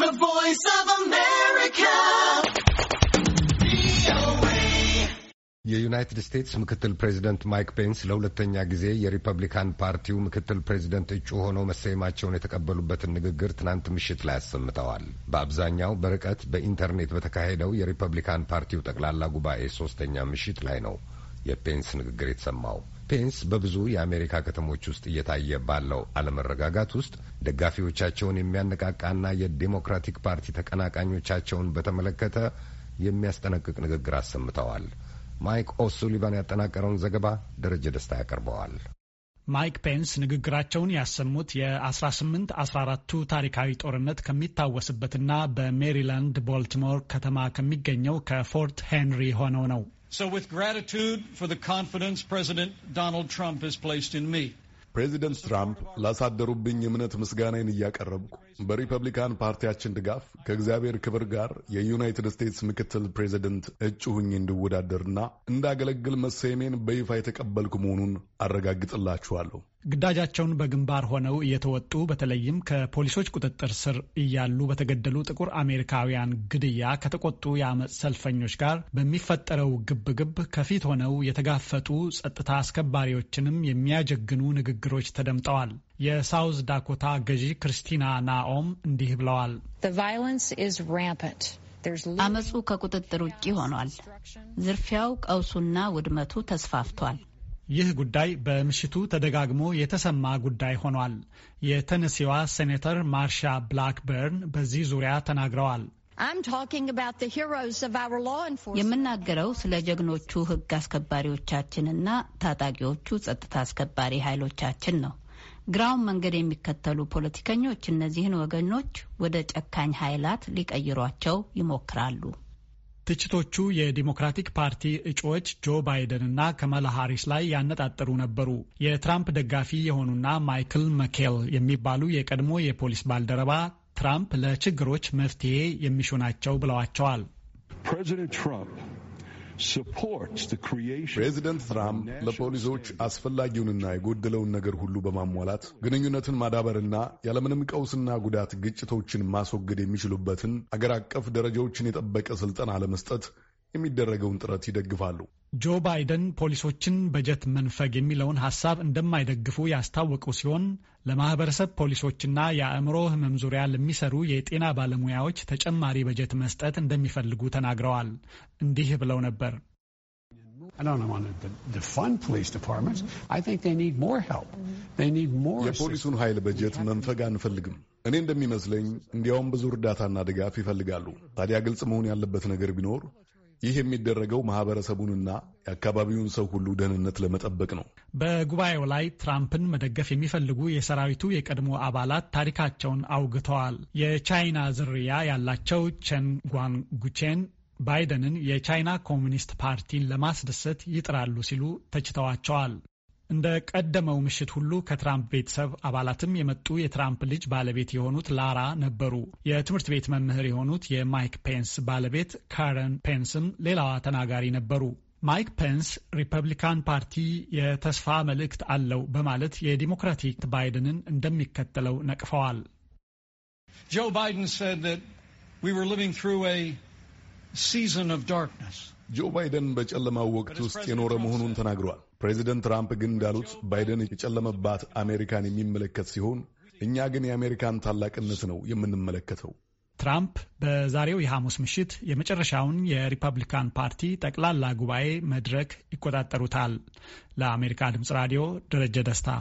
The Voice of America. የዩናይትድ ስቴትስ ምክትል ፕሬዚደንት ማይክ ፔንስ ለሁለተኛ ጊዜ የሪፐብሊካን ፓርቲው ምክትል ፕሬዚደንት እጩ ሆነው መሰየማቸውን የተቀበሉበትን ንግግር ትናንት ምሽት ላይ አሰምተዋል። በአብዛኛው በርቀት በኢንተርኔት በተካሄደው የሪፐብሊካን ፓርቲው ጠቅላላ ጉባኤ ሶስተኛ ምሽት ላይ ነው የፔንስ ንግግር የተሰማው። ፔንስ በብዙ የአሜሪካ ከተሞች ውስጥ እየታየ ባለው አለመረጋጋት ውስጥ ደጋፊዎቻቸውን የሚያነቃቃና የዴሞክራቲክ ፓርቲ ተቀናቃኞቻቸውን በተመለከተ የሚያስጠነቅቅ ንግግር አሰምተዋል። ማይክ ኦሱሊቫን ያጠናቀረውን ዘገባ ደረጀ ደስታ ያቀርበዋል። ማይክ ፔንስ ንግግራቸውን ያሰሙት የ18 14 ታሪካዊ ጦርነት ከሚታወስበትና በሜሪላንድ ቦልቲሞር ከተማ ከሚገኘው ከፎርት ሄንሪ ሆነው ነው። So, with gratitude for the confidence President Donald Trump has placed in me, ፕሬዚደንት ትራምፕ ላሳደሩብኝ እምነት ምስጋናዬን እያቀረብኩ በሪፐብሊካን ፓርቲያችን ድጋፍ ከእግዚአብሔር ክብር ጋር የዩናይትድ ስቴትስ ምክትል ፕሬዚደንት እጩ ሁኜ እንድወዳደርና እንዳገለግል መሰየሜን በይፋ የተቀበልኩ መሆኑን አረጋግጥላችኋለሁ። ግዳጃቸውን በግንባር ሆነው እየተወጡ በተለይም ከፖሊሶች ቁጥጥር ስር እያሉ በተገደሉ ጥቁር አሜሪካውያን ግድያ ከተቆጡ የአመፅ ሰልፈኞች ጋር በሚፈጠረው ግብግብ ከፊት ሆነው የተጋፈጡ ጸጥታ አስከባሪዎችንም የሚያጀግኑ ንግግር ንግግሮች ተደምጠዋል። የሳውዝ ዳኮታ ገዢ ክርስቲና ናኦም እንዲህ ብለዋል። አመፁ ከቁጥጥር ውጭ ሆኗል። ዝርፊያው፣ ቀውሱና ውድመቱ ተስፋፍቷል። ይህ ጉዳይ በምሽቱ ተደጋግሞ የተሰማ ጉዳይ ሆኗል። የተነሲዋ ሴኔተር ማርሻ ብላክበርን በዚህ ዙሪያ ተናግረዋል። የምናገረው ስለ ጀግኖቹ ህግ አስከባሪዎቻችንና ታጣቂዎቹ ጸጥታ አስከባሪ ኃይሎቻችን ነው። ግራውን መንገድ የሚከተሉ ፖለቲከኞች እነዚህን ወገኖች ወደ ጨካኝ ኃይላት ሊቀይሯቸው ይሞክራሉ። ትችቶቹ የዲሞክራቲክ ፓርቲ እጩዎች ጆ ባይደን እና ከመላ ሃሪስ ላይ ያነጣጠሩ ነበሩ። የትራምፕ ደጋፊ የሆኑና ማይክል መኬል የሚባሉ የቀድሞ የፖሊስ ባልደረባ ትራምፕ ለችግሮች መፍትሄ የሚሹ ናቸው ብለዋቸዋል። ፕሬዚደንት ትራምፕ ለፖሊሶች አስፈላጊውንና የጎደለውን ነገር ሁሉ በማሟላት ግንኙነትን ማዳበርና ያለምንም ቀውስና ጉዳት ግጭቶችን ማስወገድ የሚችሉበትን አገር አቀፍ ደረጃዎችን የጠበቀ ስልጠና ለመስጠት የሚደረገውን ጥረት ይደግፋሉ። ጆ ባይደን ፖሊሶችን በጀት መንፈግ የሚለውን ሀሳብ እንደማይደግፉ ያስታወቁ ሲሆን ለማህበረሰብ ፖሊሶችና የአእምሮ ሕመም ዙሪያ ለሚሰሩ የጤና ባለሙያዎች ተጨማሪ በጀት መስጠት እንደሚፈልጉ ተናግረዋል። እንዲህ ብለው ነበር። የፖሊሱን ኃይል በጀት መንፈግ አንፈልግም። እኔ እንደሚመስለኝ እንዲያውም ብዙ እርዳታና ድጋፍ ይፈልጋሉ። ታዲያ ግልጽ መሆን ያለበት ነገር ቢኖር ይህ የሚደረገው ማህበረሰቡንና የአካባቢውን ሰው ሁሉ ደህንነት ለመጠበቅ ነው። በጉባኤው ላይ ትራምፕን መደገፍ የሚፈልጉ የሰራዊቱ የቀድሞ አባላት ታሪካቸውን አውግተዋል። የቻይና ዝርያ ያላቸው ቸን ጓንጉቼን ባይደንን የቻይና ኮሚኒስት ፓርቲን ለማስደሰት ይጥራሉ ሲሉ ተችተዋቸዋል። እንደ ቀደመው ምሽት ሁሉ ከትራምፕ ቤተሰብ አባላትም የመጡ የትራምፕ ልጅ ባለቤት የሆኑት ላራ ነበሩ። የትምህርት ቤት መምህር የሆኑት የማይክ ፔንስ ባለቤት ካረን ፔንስም ሌላዋ ተናጋሪ ነበሩ። ማይክ ፔንስ ሪፐብሊካን ፓርቲ የተስፋ መልእክት አለው በማለት የዲሞክራቲክ ባይደንን እንደሚከተለው ነቅፈዋል። ጆ ባይደን ጆ ባይደን በጨለማው ወቅት ውስጥ የኖረ መሆኑን ተናግሯል። ፕሬዚደንት ትራምፕ ግን እንዳሉት ባይደን የጨለመባት አሜሪካን የሚመለከት ሲሆን እኛ ግን የአሜሪካን ታላቅነት ነው የምንመለከተው። ትራምፕ በዛሬው የሐሙስ ምሽት የመጨረሻውን የሪፐብሊካን ፓርቲ ጠቅላላ ጉባኤ መድረክ ይቆጣጠሩታል። ለአሜሪካ ድምፅ ራዲዮ ደረጀ ደስታ